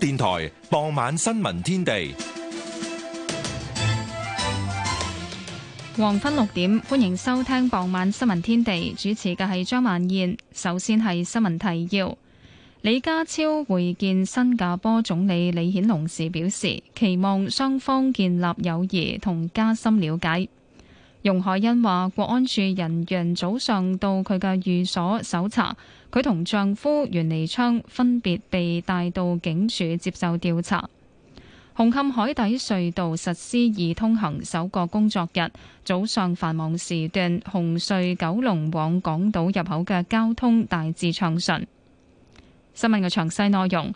電台傍晚新聞天地，黃昏六點，歡迎收聽傍晚新聞天地，主持嘅係張萬燕。首先係新聞提要，李家超會見新加坡總理李顯龍時表示，期望雙方建立友誼同加深了解。容海恩話，國安處人員早上到佢嘅寓所搜查，佢同丈夫袁彌昌分別被帶到警署接受調查。紅磡海底隧道實施易通行首個工作日早上繁忙時段，紅隧九龍往港島入口嘅交通大致暢順。新聞嘅詳細內容。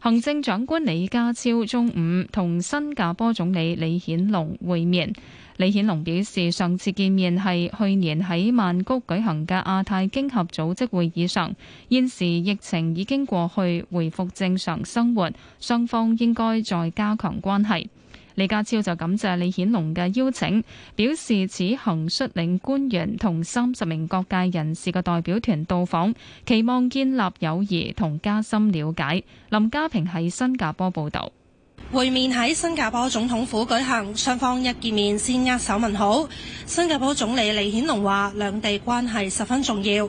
行政長官李家超中午同新加坡總理李顯龍會面。李顯龍表示，上次見面係去年喺曼谷舉行嘅亞太經合組織會議上。現時疫情已經過去，回復正常生活，雙方應該再加強關係。李家超就感謝李顯龍嘅邀請，表示此行率領官員同三十名各界人士嘅代表團到訪，期望建立友誼同加深了解。林家平喺新加坡報導，會面喺新加坡總統府舉行，雙方一見面先握手問好。新加坡總理李顯龍話：兩地關係十分重要。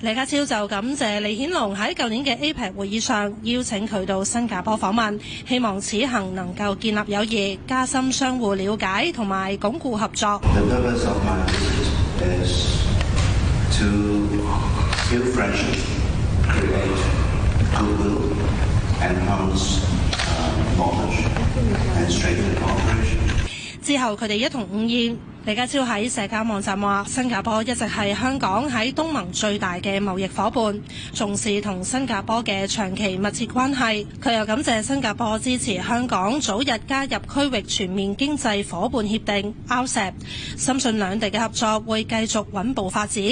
李家超就感謝李顯龍喺舊年嘅 APEC 會議上邀請佢到新加坡訪問，希望此行能夠建立友誼、加深相互了解同埋鞏固合作。之後，佢哋一同午宴。李家超喺社交網站話：新加坡一直係香港喺東盟最大嘅貿易伙伴，重視同新加坡嘅長期密切關係。佢又感謝新加坡支持香港早日加入區域全面經濟伙伴協定 （RCEP），深信兩地嘅合作會繼續穩步發展。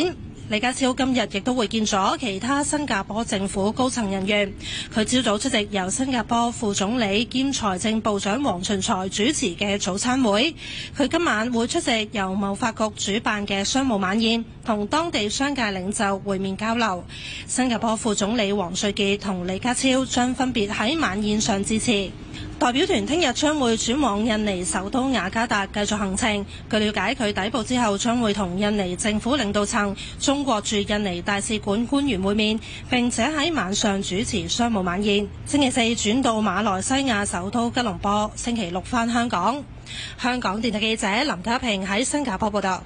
李家超今日亦都會見咗其他新加坡政府高層人員。佢朝早出席由新加坡副總理兼財政部長黃循財主持嘅早餐會。佢今晚會出席由貿發局主辦嘅商務晚宴。同當地商界領袖會面交流。新加坡副總理王瑞傑同李家超將分別喺晚宴上致辭。代表團聽日將會轉往印尼首都雅加達繼續行程。據了解，佢抵步之後將會同印尼政府領導層、中國駐印尼大使館官員會面，並且喺晚上主持商務晚宴。星期四轉到馬來西亞首都吉隆坡，星期六返香港。香港電台記者林家平喺新加坡報道。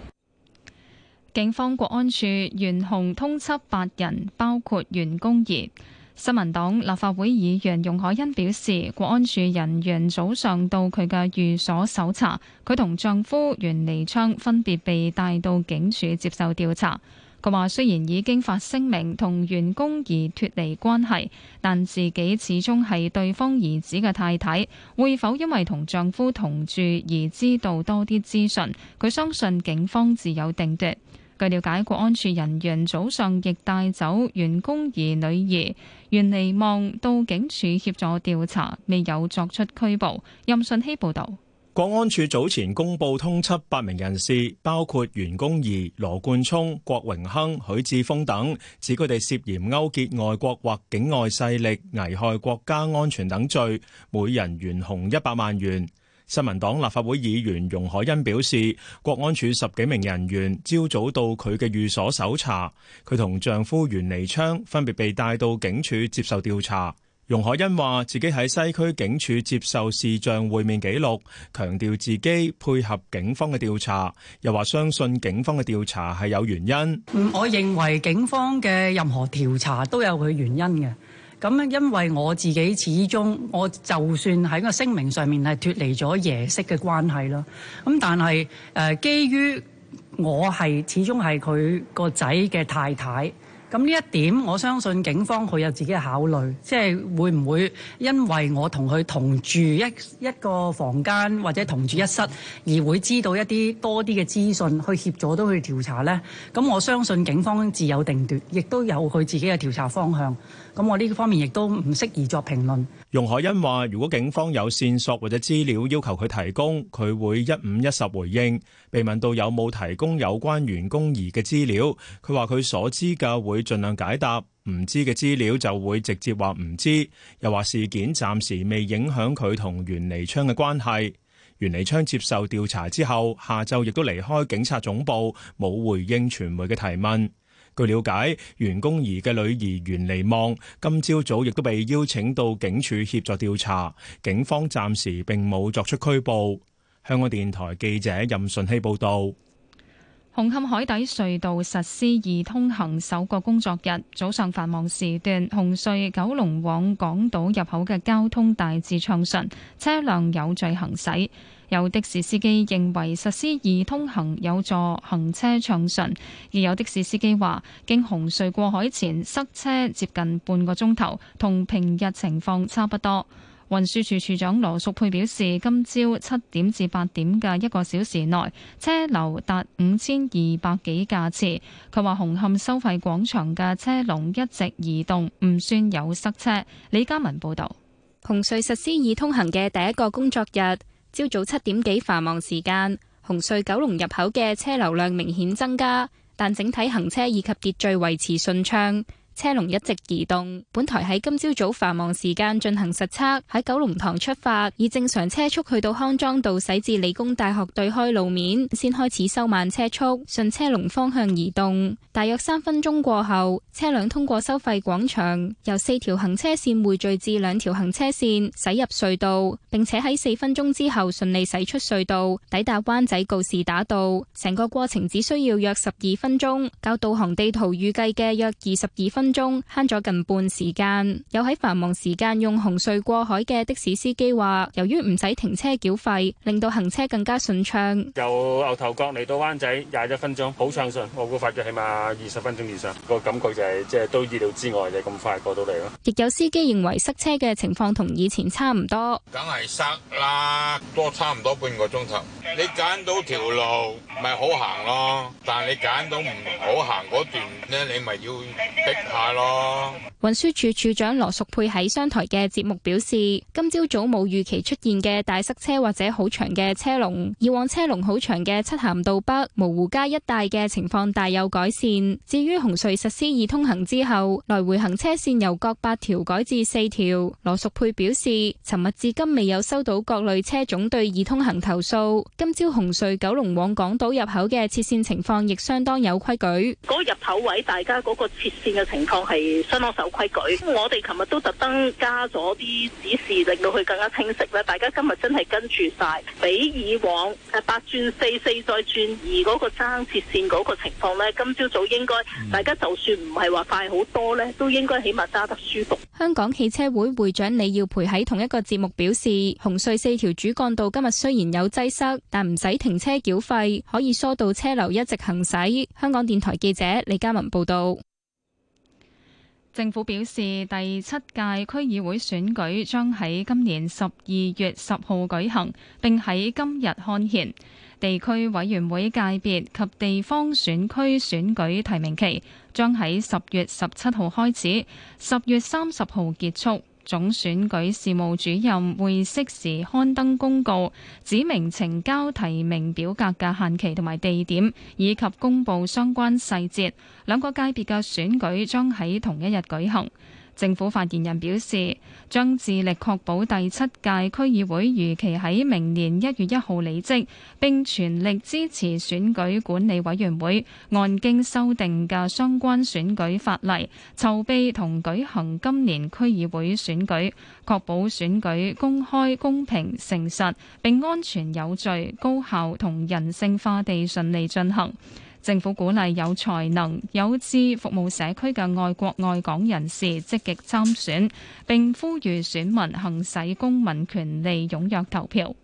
警方國安處懸紅通緝八人，包括袁公儀。新聞黨立法會議員容海恩表示，國安處人員早上到佢嘅寓所搜查，佢同丈夫袁彌昌分別被帶到警署接受調查。佢話雖然已經發聲明同袁公儀脫離關係，但自己始終係對方兒子嘅太太，會否因為同丈夫同住而知道多啲資訊？佢相信警方自有定奪。據了解，國安處人員早上亦帶走袁弓夷女兒袁彌望到警署協助調查，未有作出拘捕。任信希報道，國安處早前公布通緝八名人士，包括袁弓夷、羅冠聰、郭榮鏗、許智峰等，指佢哋涉嫌勾結外國或境外勢力，危害國家安全等罪，每人懸紅一百萬元。新民黨立法會議員容海恩表示，國安處十幾名人員朝早到佢嘅寓所搜查，佢同丈夫袁彌昌分別被帶到警署接受調查。容海恩話自己喺西區警署接受視像會面記錄，強調自己配合警方嘅調查，又話相信警方嘅調查係有原因。我認為警方嘅任何調查都有佢原因嘅。咁咧，因為我自己始終我就算喺個聲明上面係脫離咗夜色嘅關係囉。咁但係誒、呃，基於我係始終係佢個仔嘅太太，咁呢一點我相信警方佢有自己嘅考慮，即係會唔會因為我同佢同住一一個房間或者同住一室而會知道一啲多啲嘅資訊去協助到佢調查呢？咁我相信警方自有定奪，亦都有佢自己嘅調查方向。咁我呢個方面亦都唔適宜作評論。容海恩話：如果警方有線索或者資料要求佢提供，佢會一五一十回應。被問到有冇提供有關員工疑嘅資料，佢話佢所知嘅會盡量解答，唔知嘅資料就會直接話唔知。又話事件暫時未影響佢同袁彌昌嘅關係。袁彌昌接受調查之後，下晝亦都離開警察總部，冇回應傳媒嘅提問。據了解，袁公儀嘅女兒袁麗望今朝早，早亦都被邀請到警署協助調查，警方暫時並冇作出拘捕。香港電台記者任順希報道。紅磡海底隧道實施易通行首個工作日早上繁忙時段，紅隧九龍往港島入口嘅交通大致暢順，車輛有序行駛。有的士司機認為實施易通行有助行車暢順，而有的士司機話：經紅隧過海前塞車接近半個鐘頭，同平日情況差不多。運輸署署長羅淑佩表示，今朝七點至八點嘅一個小時內車流達五千二百幾架次。佢話：紅磡收費廣場嘅車龍一直移動，唔算有塞車。李嘉文報導，紅隧實施易通行嘅第一個工作日。朝早七點幾繁忙時間，紅隧九龍入口嘅車流量明顯增加，但整體行車以及秩序維持順暢。車龍一直移動。本台喺今朝早繁忙時間進行實測，喺九龍塘出發，以正常車速去到康莊道，駛至理工大學對開路面，先開始收慢車速，順車龍方向移動。大約三分鐘過後，車輛通過收費廣場，由四條行車綫匯聚至兩條行車綫，駛入隧道，並且喺四分鐘之後順利駛出隧道，抵達灣仔告士打道。成個過程只需要約十二分鐘，較導航地圖預計嘅約二十二分鐘。中慳咗近半時間，有喺繁忙時間用紅隧過海嘅的士司機話，由於唔使停車繳費，令到行車更加順暢。由牛頭角嚟到灣仔廿一分鐘，好暢順。我估快咗起碼二十分鐘以上，個感覺就係即係都意料之外就咁快過到嚟咯。亦有司機認為塞車嘅情況同以前差唔多，梗係塞啦，多差唔多半個鐘頭。你揀到條路咪好行咯，但係你揀到唔好行嗰段呢，你咪要逼。係咯，運輸署署長羅淑佩喺商台嘅節目表示，今朝早冇預期出現嘅大塞車或者好長嘅車龍，以往車龍好長嘅漆咸道北、蕪湖街一帶嘅情況大有改善。至於紅隧實施易通行之後，來回行車線由各八條改至四條，羅淑佩表示，尋日至今未有收到各類車種對易通行投訴。今朝紅隧九龍往港島入口嘅切線情況亦相當有規矩，嗰個入口位大家嗰個切線嘅情。係相當守規矩。我哋琴日都特登加咗啲指示，令到佢更加清晰咧。大家今日真係跟住晒，比以往誒八轉四四再轉二嗰個爭切線嗰個情況呢，今朝早應該大家就算唔係話快好多呢，都應該起碼揸得舒服。香港汽車會會長李耀培喺同一個節目表示，紅隧四條主幹道今日雖然有擠塞，但唔使停車繳費，可以疏導車流一直行駛。香港電台記者李嘉文報道。政府表示，第七屆區議會選舉將喺今年十二月十號舉行，並喺今日刊憲。地區委員會界別及地方選區選舉提名期將喺十月十七號開始，十月三十號結束。總選舉事務主任會適時刊登公告，指明呈交提名表格嘅限期同埋地點，以及公布相關細節。兩個界別嘅選舉將喺同一日舉行。政府發言人表示，將致力確保第七屆區議會如期喺明年一月一號離職，並全力支持選舉管理委員會按經修訂嘅相關選舉法例籌備同舉行今年區議會選舉，確保選舉公開、公平、誠實，並安全有序、高效同人性化地順利進行。政府鼓勵有才能、有志服務社區嘅外國外港人士積極參選，並呼籲選民行使公民權利，踴躍投票。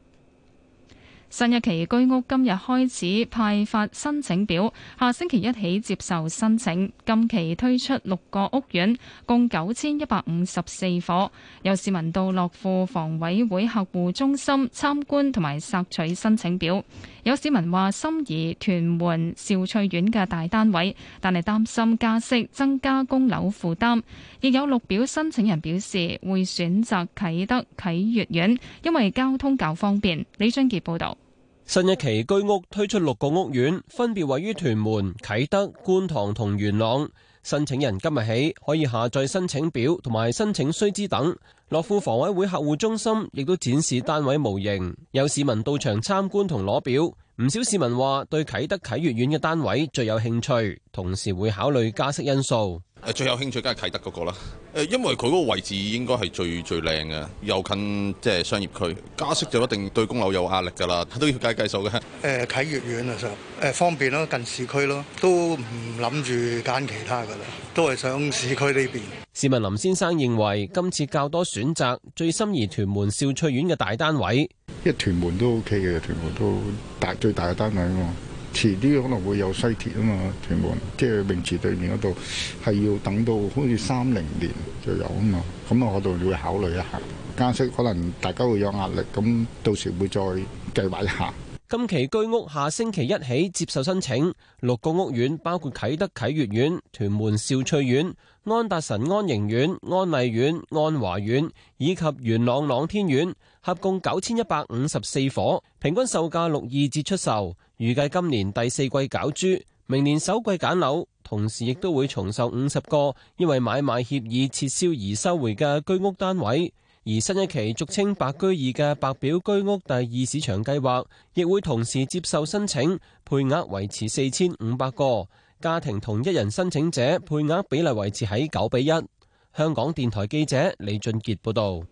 新一期居屋今日開始派發申請表，下星期一起接受申請。今期推出六個屋苑，共九千一百五十四伙，有市民到樂富房委會客戶中心參觀同埋索取申請表。有市民話心儀屯門兆翠苑嘅大單位，但係擔心加息增加供樓負擔。亦有綠表申請人表示會選擇啟德啟悅苑，因為交通較方便。李俊傑報導。新一期居屋推出六個屋苑，分別位於屯門、啟德、觀塘同元朗。申請人今日起可以下載申請表同埋申請須知等。樂富房委會客戶中心亦都展示單位模型，有市民到場參觀同攞表。唔少市民話對啟德啟悦苑嘅單位最有興趣，同時會考慮加息因素。誒最有興趣梗係啟德嗰個啦，誒因為佢嗰個位置應該係最最靚嘅，又近即係、就是、商業區，加息就一定對供樓有壓力㗎啦，都要計計數嘅。誒啟業苑啊，上方便咯，近市區咯，都唔諗住揀其他㗎啦，都係想市區呢邊。市民林先生認為今次較多選擇，最心儀屯門兆翠苑嘅大單位，因為屯門都 OK 嘅，屯門都大最大嘅單位喎。遲啲可能會有西鐵啊嘛，屯門即係泳池對面嗰度係要等到好似三零年就有啊嘛。咁啊，我度會考慮一下加息，可能大家會有壓力。咁到時會再計劃一下。今期居屋下星期一起接受申請，六個屋苑包括啟德啟悦苑、屯門兆翠苑、安達臣安盈苑、安麗苑、安華苑以及元朗朗天苑，合共九千一百五十四伙，平均售價六二折出售。預計今年第四季攪珠，明年首季揀樓，同時亦都會重售五十個因為買賣協議撤銷而收回嘅居屋單位，而新一期俗稱白居二嘅白表居屋第二市場計劃，亦會同時接受申請，配額維持四千五百個家庭同一人申請者配額比例維持喺九比一。香港電台記者李俊杰報道。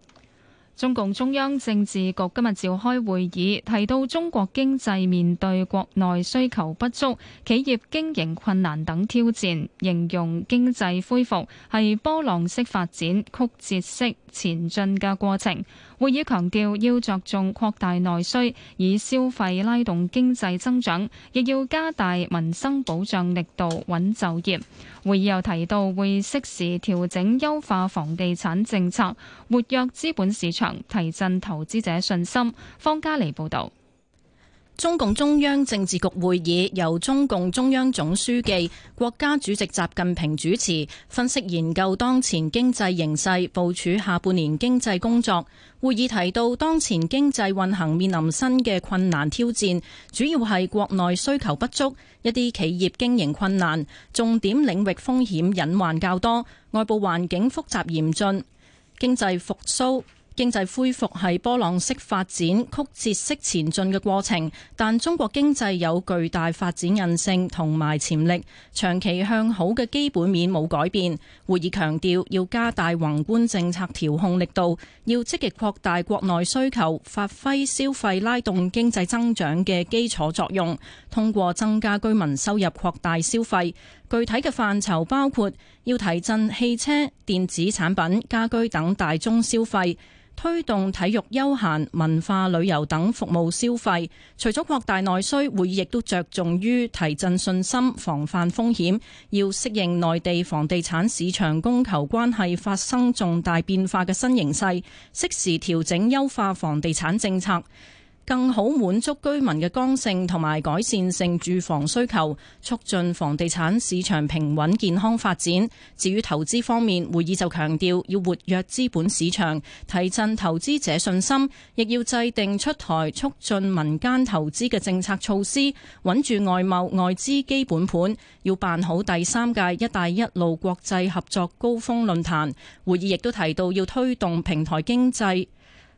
中共中央政治局今日召開會議，提到中國經濟面對國內需求不足、企業經營困難等挑戰，形容經濟恢復係波浪式發展、曲折式前進嘅過程。會議強調要着重擴大內需，以消費拉動經濟增長，亦要加大民生保障力度，穩就業。會議又提到會適時調整優化房地產政策，活躍資本市場，提振投資者信心。方家莉報導。中共中央政治局會議由中共中央總書記、國家主席習近平主持，分析研究當前經濟形勢，部署下半年經濟工作。會議提到，當前經濟運行面臨新嘅困難挑戰，主要係國內需求不足，一啲企業經營困難，重點領域風險隱患較多，外部環境複雜嚴峻，經濟復蘇。經濟恢復係波浪式發展、曲折式前進嘅過程，但中國經濟有巨大發展韌性同埋潛力，長期向好嘅基本面冇改變。會議強調要加大宏觀政策調控力度，要積極擴大國內需求，發揮消費拉動經濟增長嘅基礎作用，通過增加居民收入擴大消費。具體嘅範疇包括要提振汽車、電子產品、家居等大宗消費。推動體育、休閒、文化旅遊等服務消費。除咗擴大內需，會議亦都着重於提振信心、防範風險，要適應內地房地產市場供求關係發生重大變化嘅新形勢，適時調整優化房地產政策。更好滿足居民嘅剛性同埋改善性住房需求，促進房地產市場平穩健康發展。至於投資方面，會議就強調要活躍資本市場，提振投資者信心，亦要制定出台促進民間投資嘅政策措施，穩住外貿外資基本盤。要辦好第三屆「一帶一路」國際合作高峰論壇。會議亦都提到要推動平台經濟。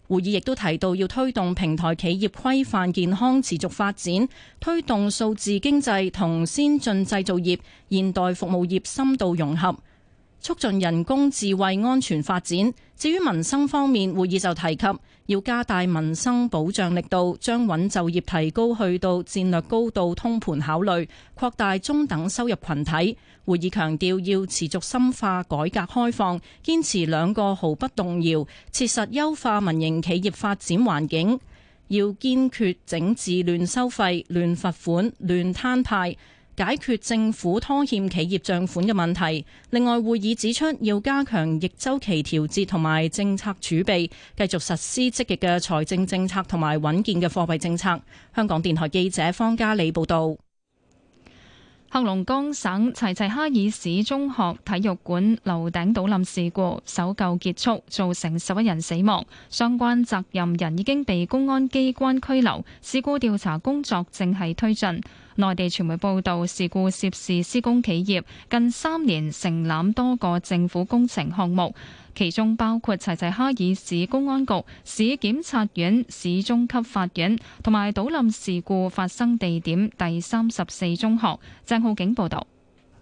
會議亦都提到要推動平台企業規範健康持續發展，推動數字經濟同先進製造業、現代服務業深度融合。促進人工智慧安全發展。至於民生方面，會議就提及要加大民生保障力度，將穩就業提高去到戰略高度通盤考慮，擴大中等收入群體。會議強調要持續深化改革開放，堅持兩個毫不動搖，切實優化民營企業發展環境，要堅決整治亂收費、亂罰款、亂攤派。解決政府拖欠企業帳款嘅問題。另外，會議指出要加強逆週期調節同埋政策儲備，繼續實施積極嘅財政政策同埋穩健嘅貨幣政策。香港電台記者方嘉莉報道。黑龍江省齊齊哈爾市中學體育館樓頂倒冧事故搜救結束，造成十一人死亡，相關責任人已經被公安機關拘留，事故調查工作正係推進。內地傳媒報道，事故涉事施工企業近三年承攬多個政府工程項目。其中包括齊齊哈爾市公安局、市檢察院、市中級法院同埋倒冧事故發生地點第三十四中學。鄭浩景報道，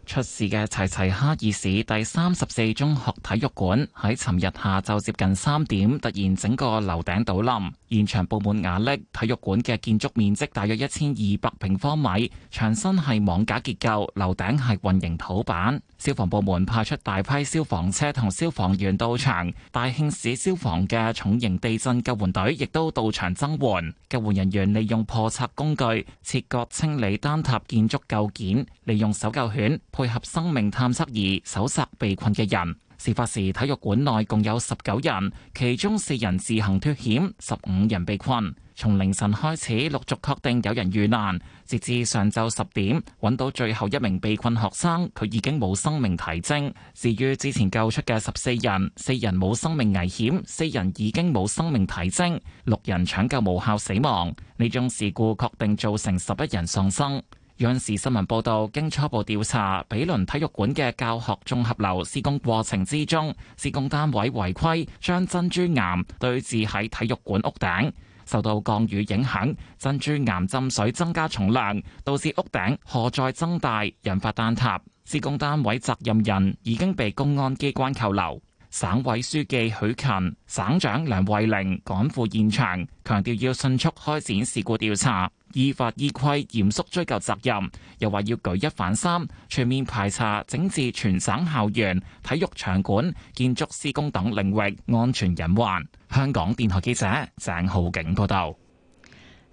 出事嘅齊齊哈爾市第三十四中學體育館喺尋日下晝接近三點，突然整個樓頂倒冧，現場布滿瓦礫。體育館嘅建築面積大約一千二百平方米，牆身係網架結構，樓頂係混凝土板。消防部門派出大批消防車同消防員到場，大慶市消防嘅重型地震救援隊亦都到場增援。救援人員利用破拆工具切割清理單塔建築構件，利用搜救犬配合生命探測儀搜索被困嘅人。事發時體育館內共有十九人，其中四人自行脫險，十五人被困。從凌晨開始陸續確定有人遇難，截至上晝十點，揾到最後一名被困學生，佢已經冇生命體徵。至於之前救出嘅十四人，四人冇生命危險，四人已經冇生命體徵，六人搶救無效死亡。呢宗事故確定造成十一人喪生。央視新聞報道，經初步調查，毗鄰體育館嘅教學綜合樓施工過程之中，施工單位違規將珍珠岩堆置喺體育館屋頂，受到降雨影響，珍珠岩浸水增加重量，導致屋頂荷載增大，引發坍塌。施工單位責任人已經被公安機關扣留。省委書記許勤、省長梁慧玲趕赴現場，強調要迅速開展事故調查，依法依規嚴肅追究責任，又話要舉一反三，全面排查整治全省校園、體育場館、建築施工等領域安全隱患。香港電台記者鄭浩景報道。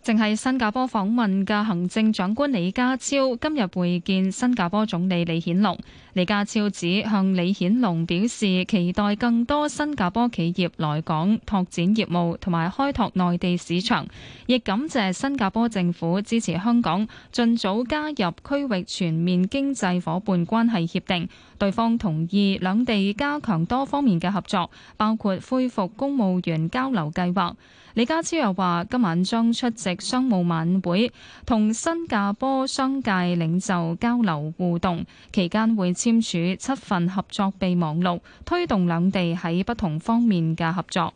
正係新加坡訪問嘅行政長官李家超今日會見新加坡總理李顯龍。李家超指向李顯龍表示，期待更多新加坡企業來港拓展業務同埋開拓內地市場，亦感謝新加坡政府支持香港盡早加入區域全面經濟夥伴關係協定。對方同意兩地加強多方面嘅合作，包括恢復公務員交流計劃。李家超又話：今晚將出席商務晚會，同新加坡商界領袖交流互動，期間會簽署七份合作備忘錄，推動兩地喺不同方面嘅合作。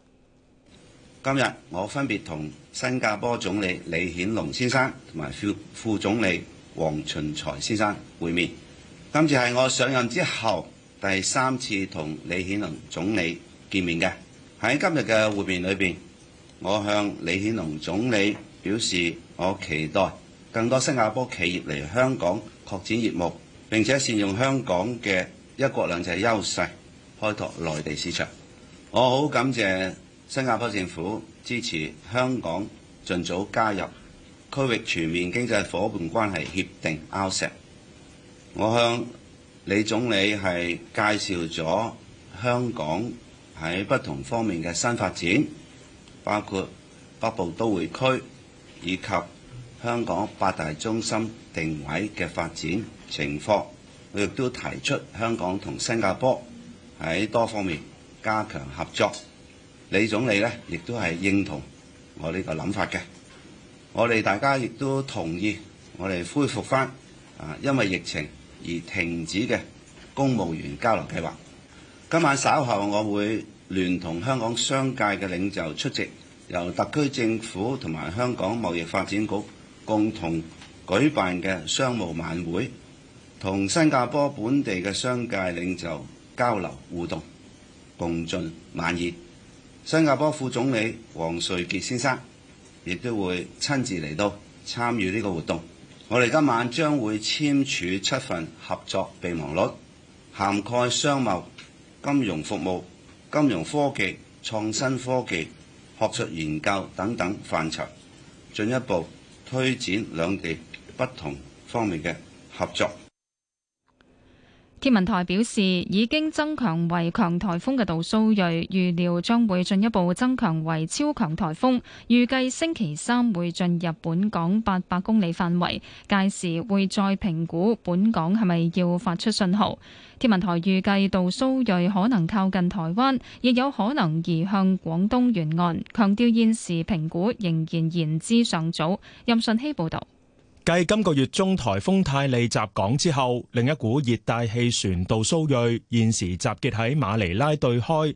今日我分別同新加坡總理李顯龍先生同埋副總理黃循財先生會面。今次係我上任之後第三次同李顯龍總理見面嘅。喺今日嘅會面裏面，我向李顯龍總理表示我期待更多新加坡企業嚟香港擴展業務，並且善用香港嘅一國兩制優勢，開拓內地市場。我好感謝新加坡政府支持香港盡早加入區域全面經濟伙伴關係協定 （RCEP）。我向李總理係介紹咗香港喺不同方面嘅新發展，包括北部都會區以及香港八大中心定位嘅發展情況。我亦都提出香港同新加坡喺多方面加強合作。李總理呢亦都係認同我呢個諗法嘅。我哋大家亦都同意我哋恢復返啊，因為疫情而停止嘅公務員交流計劃。今晚稍後我會聯同香港商界嘅領袖出席由特區政府同埋香港貿易發展局共同舉辦嘅商務晚會，同新加坡本地嘅商界領袖交流互動共進晚宴。新加坡副總理王瑞杰先生亦都會親自嚟到參與呢個活動。我哋今晚將會簽署七份合作備忘錄，涵蓋商貿、金融服務、金融科技、創新科技、學術研究等等範疇，進一步推展兩地不同方面嘅合作。天文台表示，已經增強為強颱風嘅杜蘇芮，預料將會進一步增強為超強颱風，預計星期三會進入本港八百公里範圍，屆時會再評估本港係咪要發出信號，天文台預計杜蘇芮可能靠近台灣，亦有可能移向廣東沿岸，強調現時評估仍然言之尚早。任順希報道。繼今個月中台風泰利襲港之後，另一股熱帶氣旋杜蘇芮，現時集結喺馬尼拉對開。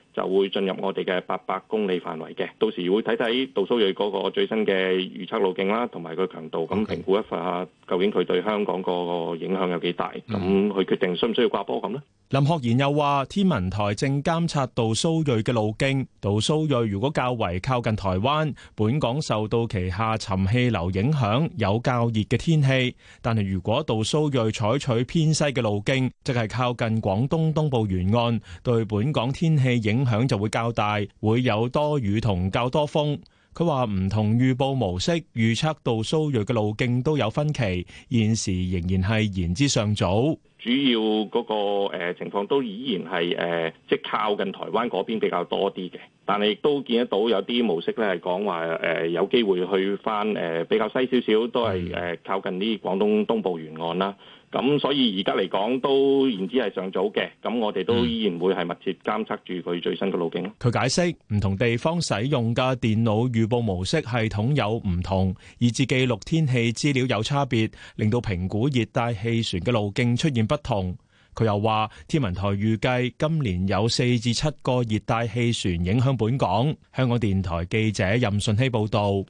就會進入我哋嘅八百公里範圍嘅，到時會睇睇杜蘇芮嗰個最新嘅預測路徑啦，同埋佢強度咁評 Okay. 估一下，究竟佢對香港個影響有幾大，咁去、mm. 決定需唔需要掛波咁呢？林學賢又話：天文台正監察杜蘇芮嘅路徑，杜蘇芮如果較為靠近台灣，本港受到其下沉氣流影響，有較熱嘅天氣。但係如果杜蘇芮採取偏西嘅路徑，即係靠近廣東東部沿岸，對本港天氣影響就會較大，會有多雨同較多風。佢話唔同預報模式預測杜蘇芮嘅路徑都有分歧，現時仍然係言之尚早。主要嗰、那個、呃、情況都依然係誒、呃，即係靠近台灣嗰邊比較多啲嘅，但係亦都見得到有啲模式咧係講話誒有機會去返誒、呃、比較西少少，都係誒、呃、靠近啲廣東東部沿岸啦。咁所以而家嚟講都言之係尚早嘅，咁我哋都依然會係密切監測住佢最新嘅路徑。佢解釋唔同地方使用嘅電腦預報模式系統有唔同，以致記錄天氣資料有差別，令到評估熱帶氣旋嘅路徑出現不同。佢又話天文台預計今年有四至七個熱帶氣旋影響本港。香港電台記者任順希報導。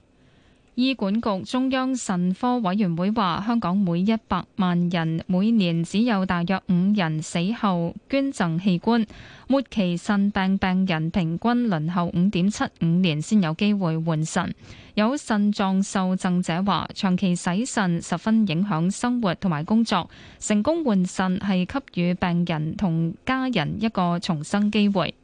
醫管局中央腎科委員會話，香港每一百萬人每年只有大約五人死後捐贈器官。末期腎病病人平均輪候五點七五年先有機會換腎。有腎臟受贈者話，長期洗腎十分影響生活同埋工作。成功換腎係給予病人同家人一個重生機會。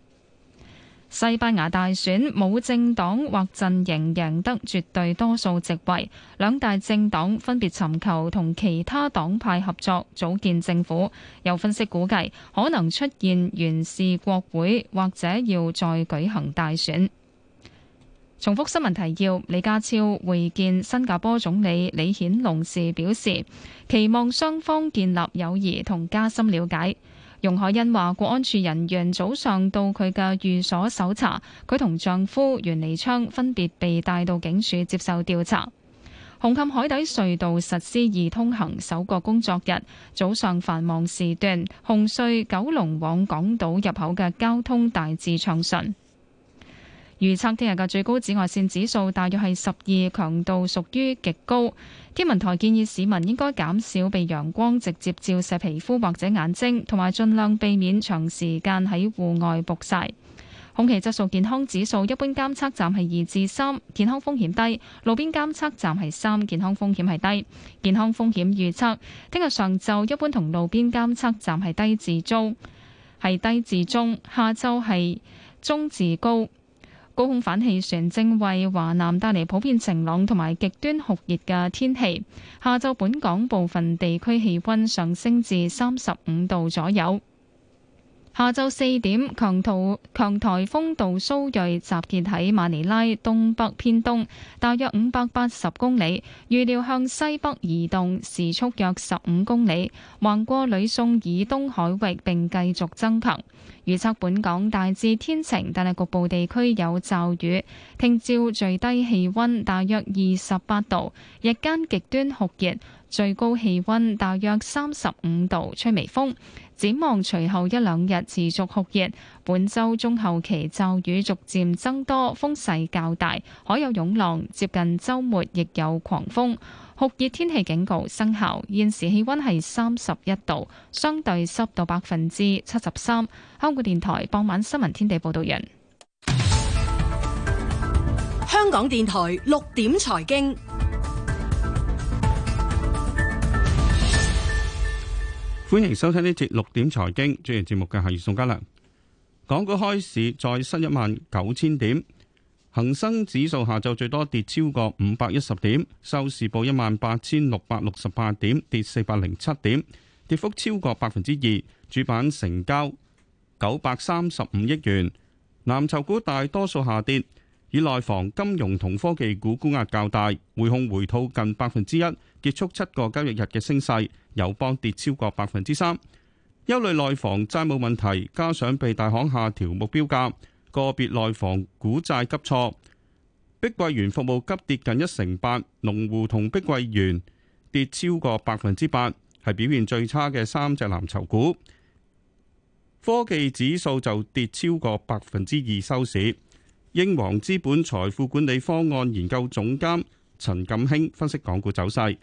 西班牙大選冇政黨或陣營贏得絕對多數席位，兩大政黨分別尋求同其他黨派合作組建政府。有分析估計可能出現懸峙國會，或者要再舉行大選。重複新聞提要：李家超會見新加坡總理李顯龍時表示，期望雙方建立友誼同加深了解。容海恩話：國安處人員早上到佢嘅寓所搜查，佢同丈夫袁彌昌分別被帶到警署接受調查。紅磡海底隧道實施易通行首個工作日，早上繁忙時段，紅隧九龍往港島入口嘅交通大致暢順。預測聽日嘅最高紫外線指數大約係十二，強度屬於極高。天文台建議市民應該減少被陽光直接照射皮膚或者眼睛，同埋盡量避免長時間喺戶外曝晒。空氣質素健康指數一般監測站係二至三，健康風險低；路邊監測站係三，健康風險係低。健康風險預測，聽日上晝一般同路邊監測站係低至中，係低至中；下晝係中至高。高空反氣旋正為華南帶嚟普遍晴朗同埋極端酷熱嘅天氣，下晝本港部分地區氣溫上升至三十五度左右。下晝四點，強台強颱風杜蘇芮集結喺馬尼拉東北偏東，大約五百八十公里，預料向西北移動，時速約十五公里，橫過呂宋以東海域並繼續增強。預測本港大致天晴，但係局部地區有驟雨。聽朝最低氣温大約二十八度，日間極端酷熱。最高氣溫大約三十五度，吹微風。展望隨後一兩日持續酷熱，本周中後期驟雨逐漸增多，風勢較大，可有湧浪。接近周末亦有狂風，酷熱天氣警告生效。現時氣溫係三十一度，相對濕度百分之七十三。香港電台傍晚新聞天地報道人，香港電台六點財經。歡迎收聽呢節六點財經，主持節目嘅係宋家良。港股開市再失一萬九千點，恒生指數下晝最多跌超過五百一十點，收市報一萬八千六百六十八點，跌四百零七點，跌幅超過百分之二。主板成交九百三十五億元，藍籌股大多數下跌。以內房、金融同科技股沽壓較大，匯控回吐近百分之一，結束七個交易日嘅升勢。友邦跌超過百分之三，憂慮內房債務問題，加上被大行下調目標價，個別內房股債急挫。碧桂園服務急跌近一成八，龍湖同碧桂園跌超過百分之八，係表現最差嘅三隻藍籌股。科技指數就跌超過百分之二收市。英皇資本財富管理方案研究總監陳錦興分析港股走勢，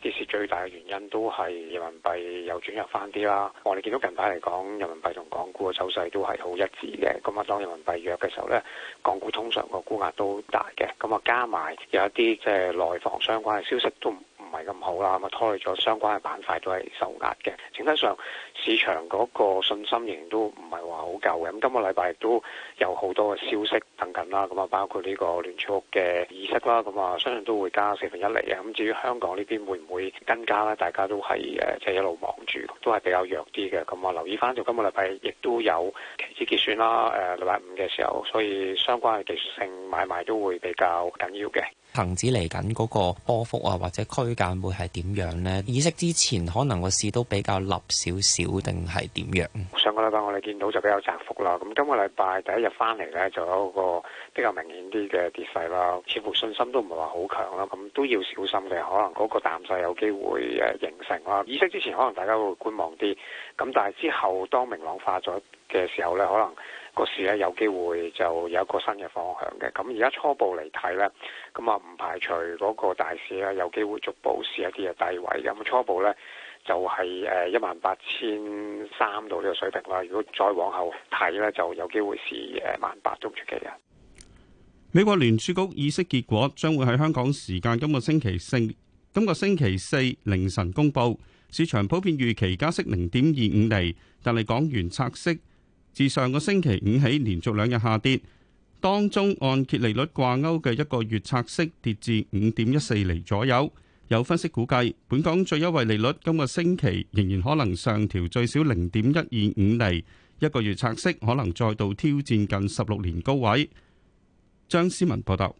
其實最大嘅原因都係人民幣又轉入返啲啦。我哋見到近排嚟講，人民幣同港股嘅走勢都係好一致嘅。咁啊，當人民幣弱嘅時候咧，港股通常個沽壓都大嘅。咁啊，加埋有一啲即係內房相關嘅消息都唔唔係咁好啦，咁啊拖累咗相關嘅板塊都係受壓嘅。整體上，市場嗰個信心仍然都唔係話好夠嘅，咁今個禮拜亦都有好多嘅消息等緊啦，咁啊包括呢個聯儲局嘅議息啦，咁、嗯、啊相信都會加四分一厘嘅，咁、嗯、至於香港邊會會呢邊會唔會跟加咧？大家都係誒、呃、即係一路望住，都係比較弱啲嘅，咁、嗯、啊留意翻到今個禮拜亦都有期指結算啦，誒禮拜五嘅時候，所以相關嘅技術性買賣都會比較緊要嘅。恒指嚟緊嗰個波幅啊，或者區間會係點樣咧？議息之前可能個市都比較立少少。定係點樣？上個禮拜我哋見到就比較窄幅啦。咁今個禮拜第一日翻嚟呢，就有個比較明顯啲嘅跌勢啦。似乎信心都唔係話好強啦，咁都要小心嘅。可能嗰個淡勢有機會誒形成啦。議息之前可能大家會觀望啲，咁但係之後當明朗化咗嘅時候呢，可能個市呢有機會就有一個新嘅方向嘅。咁而家初步嚟睇呢，咁啊唔排除嗰個大市呢有機會逐步試一啲嘅低位。咁初步呢。就係誒一萬八千三度呢個水平啦。如果再往後睇呢，就有機會是誒萬八中出期啊。美國聯儲局議息結果將會喺香港時間今個星期四，今個星期四凌晨公布。市場普遍預期加息零點二五厘，但係港元拆息自上個星期五起連續兩日下跌，當中按揭利率掛鈎嘅一個月拆息跌至五點一四厘左右。有分析估計，本港最優惠利率今個星期仍然可能上調最少零點一二五厘，一個月拆息可能再度挑戰近十六年高位。張思文報道。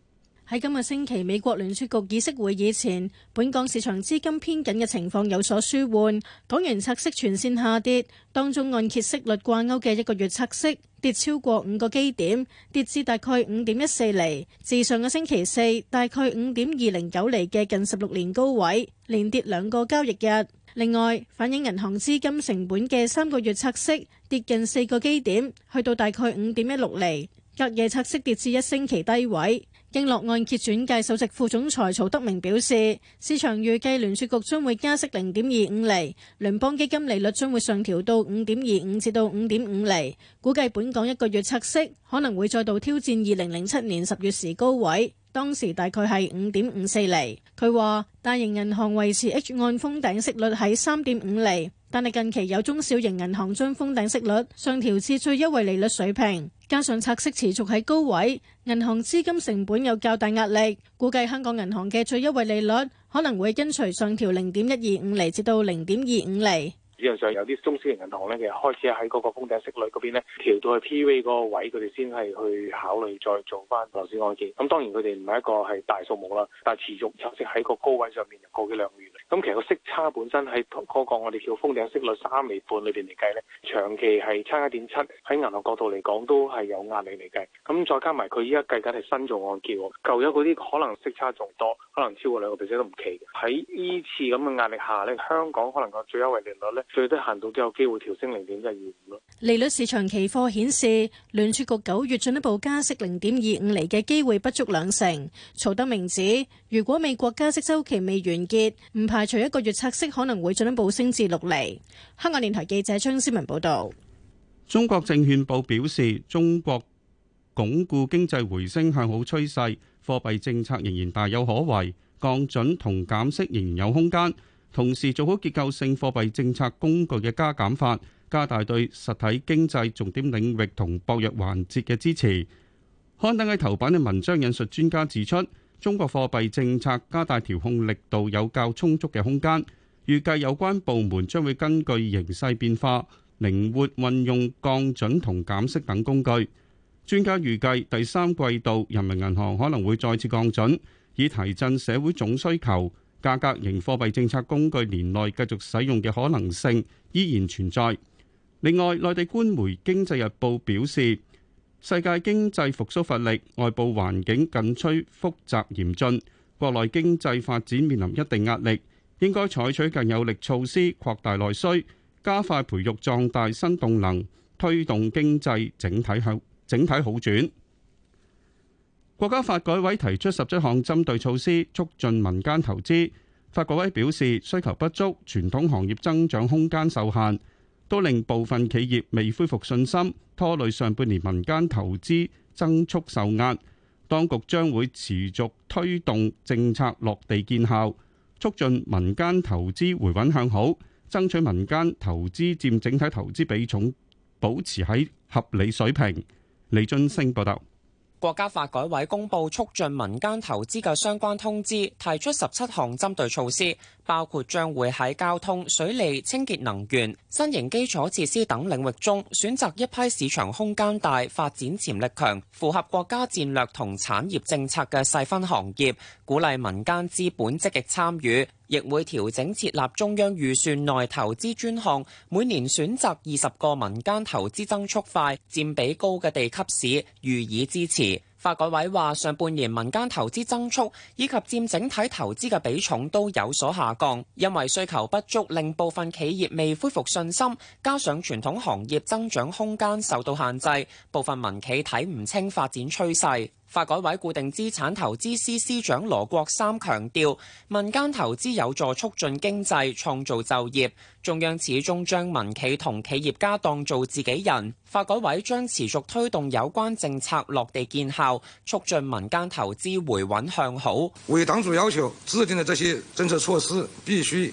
喺今個星期，美國聯儲局議息會議前，本港市場資金偏緊嘅情況有所舒緩。港元拆息全線下跌，當中按揭息率掛鈎嘅一個月拆息跌超過五個基點，跌至大概五點一四厘，自上個星期四大概五點二零九厘嘅近十六年高位，連跌兩個交易日。另外，反映銀行資金成本嘅三個月拆息跌近四個基點，去到大概五點一六厘，隔夜拆息跌至一星期低位。經絡按揭轉介首席副總裁曹德明表示，市場預計聯儲局將會加息零點二五厘，聯邦基金利率將會上調到五點二五至到五點五厘，估計本港一個月測息可能會再度挑戰二零零七年十月時高位，當時大概係五點五四厘。佢話大型銀行維持 H 按封頂息率喺三點五厘。但係近期有中小型銀行將封頂息率上調至最優惠利率水平，加上拆息持續喺高位，銀行資金成本有較大壓力，估計香港銀行嘅最優惠利率可能會跟隨上調零點一二五厘至到零點二五厘。事實上有啲中小型銀行咧，其實開始喺嗰個封頂息率嗰邊咧，調到去 PV 嗰個位，佢哋先係去考慮再做翻樓市按揭。咁當然佢哋唔係一個係大數目啦，但係持續一直喺個高位上面過幾兩個月。咁其實個息差本身喺嗰個我哋叫封頂息率三厘半裏邊嚟計咧，長期係差一點七。喺銀行角度嚟講，都係有壓力嚟計。咁再加埋佢依家計緊係新做按揭，舊有嗰啲可能息差仲多，可能超過兩個 percent 都唔奇嘅。喺呢次咁嘅壓力下咧，香港可能個最優惠利率咧。最低限度都有機會調升零點一二五。利率市場期貨顯示聯儲局九月進一步加息零點二五厘嘅機會不足兩成。曹德明指，如果美國加息週期未完結，唔排除一個月拆息可能會進一步升至六厘。香港電台記者張思文報道。中國證券報表示，中國鞏固經濟回升向好趨勢，貨幣政策仍然大有可為，降準同減息仍有空間。同時做好結構性貨幣政策工具嘅加減法，加大對實體經濟重點領域同薄弱環節嘅支持。刊登喺頭版嘅文章引述專家指出，中國貨幣政策加大調控力度有較充足嘅空間，預計有關部門將會根據形勢變化，靈活運用降準同減息等工具。專家預計第三季度人民銀行可能會再次降準，以提振社會總需求。價格型貨幣政策工具年內繼續使用嘅可能性依然存在。另外，內地官媒《經濟日報》表示，世界經濟復蘇乏力，外部環境更趨複雜嚴峻，國內經濟發展面臨一定壓力，應該採取更有力措施，擴大內需，加快培育壯大新動能，推動經濟整體好整體好轉。國家發改委提出十七項針對措施促進民間投資。發改委表示，需求不足、傳統行業增長空間受限，都令部分企業未恢復信心，拖累上半年民間投資增速受壓。當局將會持續推動政策落地見效，促進民間投資回穩向好，爭取民間投資佔整體投資比重保持喺合理水平。李津升報道。國家發改委公布促進民間投資嘅相關通知，提出十七項針對措施。包括將會喺交通、水利、清潔能源、新型基礎設施等領域中，選擇一批市場空間大、發展潛力強、符合國家戰略同產業政策嘅細分行業，鼓勵民間資本積極參與；亦會調整設立中央預算內投資專項，每年選擇二十個民間投資增速快、佔比高嘅地級市，予以支持。發改委話：上半年民間投資增速以及佔整體投資嘅比重都有所下降，因為需求不足，令部分企業未恢復信心，加上傳統行業增長空間受到限制，部分民企睇唔清發展趨勢。發改委固定資產投資司司長羅國三強調，民間投資有助促進經濟、創造就業。中央始終將民企同企業家當做自己人，發改委將持續推動有關政策落地見效，促進民間投資回穩向好。為黨主要求制定的這些政策措施必須。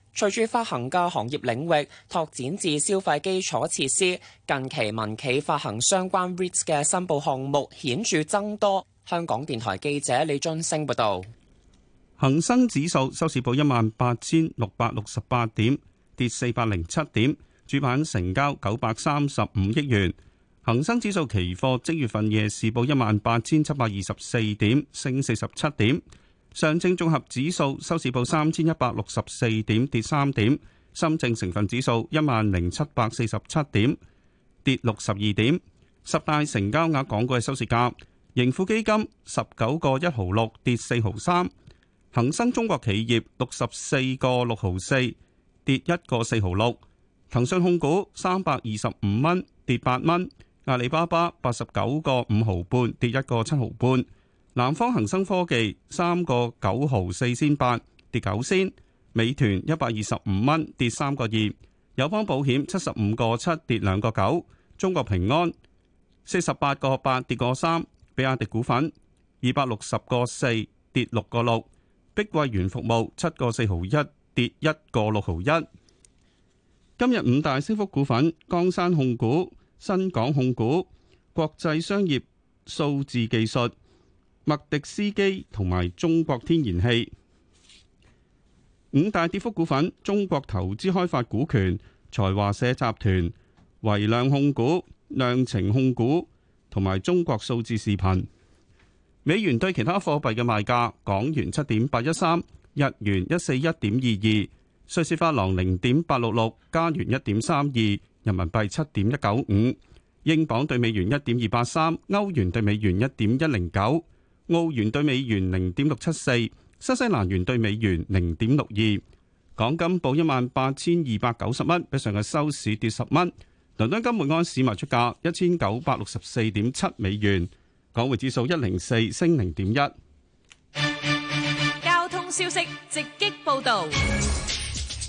隨住發行嘅行業領域拓展至消費基礎設施，近期民企發行相關 REIT 嘅申報項目顯著增多。香港電台記者李津升報道。恒生指數收市報一萬八千六百六十八點，跌四百零七點，主板成交九百三十五億元。恒生指數期貨即月份夜市報一萬八千七百二十四點，升四十七點。上證綜合指數收市報三千一百六十四點，跌三點；深證成分指數一萬零七百四十七點，跌六十二點。十大成交額港股嘅收市價：盈富基金十九個一毫六，跌四毫三；恒生中國企業六十四個六毫四，跌一個四毫六；騰訊控股三百二十五蚊，跌八蚊；阿里巴巴八十九個五毫半，跌一個七毫半。南方恒生科技三個九毫四千八，跌九仙，美團一百二十五蚊，跌三個二，友邦保險七十五個七，跌兩個九，中國平安四十八個八，跌個三，比亞迪股份二百六十個四，跌六個六，碧桂園服務七個四毫一，跌一個六毫一。今日五大升幅股份：江山控股、新港控股、國際商業數字技術。麥迪斯基同埋中國天然氣。五大跌幅股份：中國投資開發股權、財華社集團、維量控股、量程控股同埋中國數字視頻。美元對其他貨幣嘅賣價：港元七點八一三，日元一四一點二二，瑞士法郎零點八六六，加元一點三二，人民幣七點一九五，英鎊對美元一點二八三，歐元對美元一點一零九。澳元兌美元零點六七四，新西蘭元兌美元零點六二，港金報一萬八千二百九十蚊，比上日收市跌十蚊。倫敦金每盎司賣出價一千九百六十四點七美元，港匯指數一零四升零點一。交通消息直擊報導。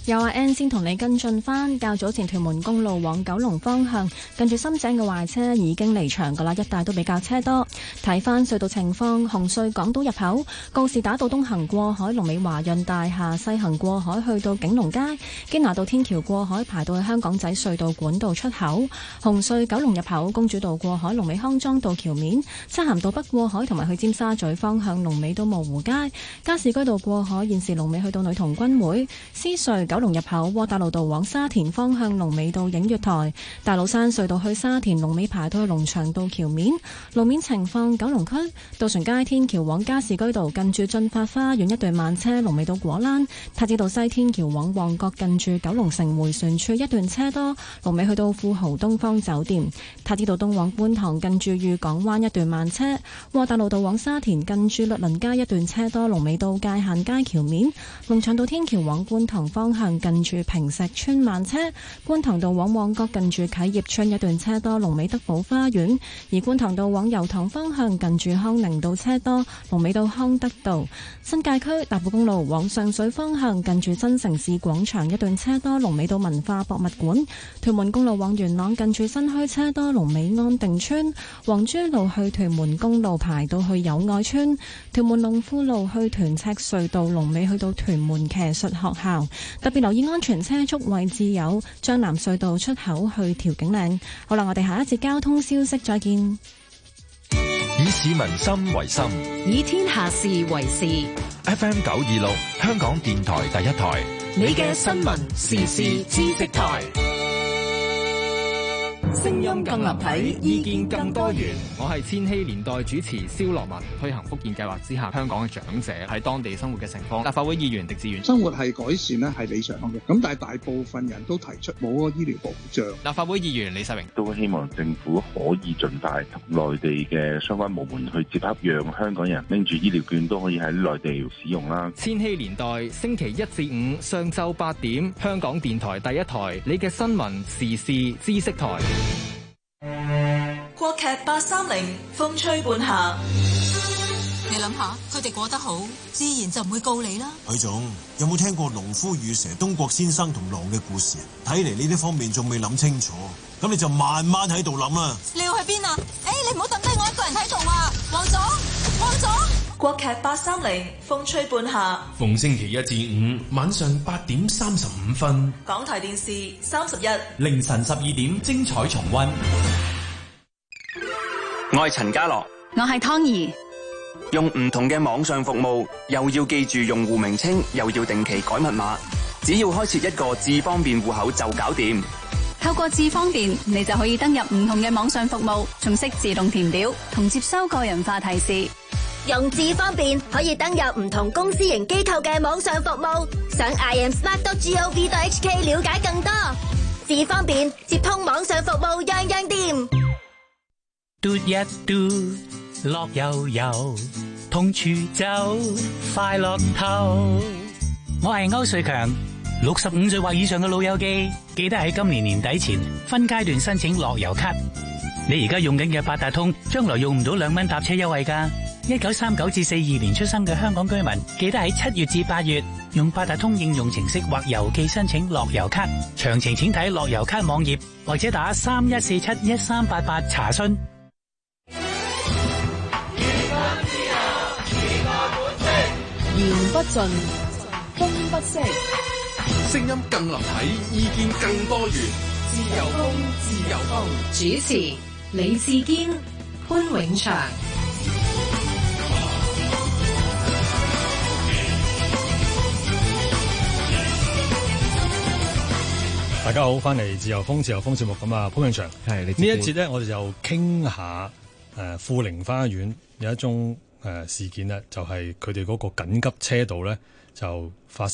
有啊，N 先同你跟進返，較早前屯門公路往九龍方向，近住深井嘅壞車已經離場噶啦，一帶都比較車多。睇翻隧道情況，紅隧港島入口、告士打道東行過海、龍尾華潤大廈西行過海去到景隆街、堅拿道天橋過海排到去香港仔隧道管道出口、紅隧九龍入口、公主道過海、龍尾康莊道橋面、漆咸道北過海同埋去尖沙咀方向龍尾到蕪湖街、加士居道過海，現時龍尾去到女童軍會獅隧。九龍入口，窩打路道往沙田方向，龍尾道影月台；大老山隧道去沙田，龍尾排到去龍翔道橋面。路面情況，九龍區渡船街天橋往加士居道近住駿發花園一段慢車，龍尾道果欄；太子道西天橋往旺角近住九龍城迴旋處一段車多，龍尾去到富豪東方酒店；太子道東往觀塘近住裕港灣一段慢車；窩打路道往沙田近住律倫街一段車多，龍尾道界限街橋面；龍翔道天橋往觀塘方向。近住坪石村慢車，觀塘道往旺角近住啟業村一段車多，龍尾德寶花園；而觀塘道往油塘方向，近住康寧道車多，龍尾到康德道。新界區大埔公路往上水方向，近住新城市廣場一段車多，龍尾到文化博物館。屯門公路往元朗近住新墟車多，龍尾安定村。黃珠路去屯門公路排到去友愛村。屯門龍富路去屯赤隧道，龍尾去到屯門騎術學校。特別留意安全車速位置，有將南隧道出口去調景嶺。好啦，我哋下一節交通消息再見。以市民心為心，以天下事為事。FM 九二六，香港電台第一台，你嘅新聞時事知識台。聲音更立體，意見更多元。我係千禧年代主持蕭樂文，推行福建計劃之下，香港嘅長者喺當地生活嘅情況。立法會議員狄志遠，生活係改善呢係理想嘅。咁但係大部分人都提出冇個醫療保障。立法會議員李世榮都希望政府可以盡快同內地嘅相關部門去接洽，讓香港人拎住醫療券都可以喺內地使用啦。千禧年代星期一至五上晝八點，香港電台第一台，你嘅新聞時事知識台。國劇八三零，風吹半夏。你諗下，佢哋過得好，自然就唔會告你啦。許、呃、總，有冇聽過農夫與蛇、東郭先生同狼嘅故事啊？睇嚟，呢啲方面仲未諗清楚，咁你就慢慢喺度諗啦。你要去邊啊？誒、欸，你唔好等低我一個人喺度啊。王總，王總。國劇八三零，風吹半夏。逢星期一至五晚上八點三十五分，港台電視三十一，凌晨十二點精彩重溫。我係陳家樂，我係湯兒。用唔同嘅網上服務，又要記住用戶名稱，又要定期改密碼。只要開設一個智方便戶口就搞掂。透過智方便，你就可以登入唔同嘅網上服務，重識自動填表同接收個人化提示。用字方便，可以登入唔同公司型機構嘅網上服務，上 i m smart dot g o v dot h k 了解更多。字方便接通網上服務，樣樣掂。嘟一嘟，樂悠悠，通處走，快樂透。我係歐瑞強，六十五歲或以上嘅老友記，記得喺今年年底前分階段申請樂悠咭。你而家用緊嘅八達通，將來用唔到兩蚊搭車優惠㗎。一九三九至四二年出生嘅香港居民，記得喺七月至八月用八達通應用程式或郵寄申請樂悠咭。詳情請睇樂悠咭網頁或者打三一四七一三八八查詢。言不盡，風不息，聲音更立體，意見更多元。自由風，自由風。主持：李志堅、潘永祥。大家好，翻嚟《自由風》自由風節目。咁啊，潘永祥係呢、嗯、一節咧，我哋就傾下誒富寧花園有一宗誒、啊、事件咧，就係佢哋個緊急車道咧就發生。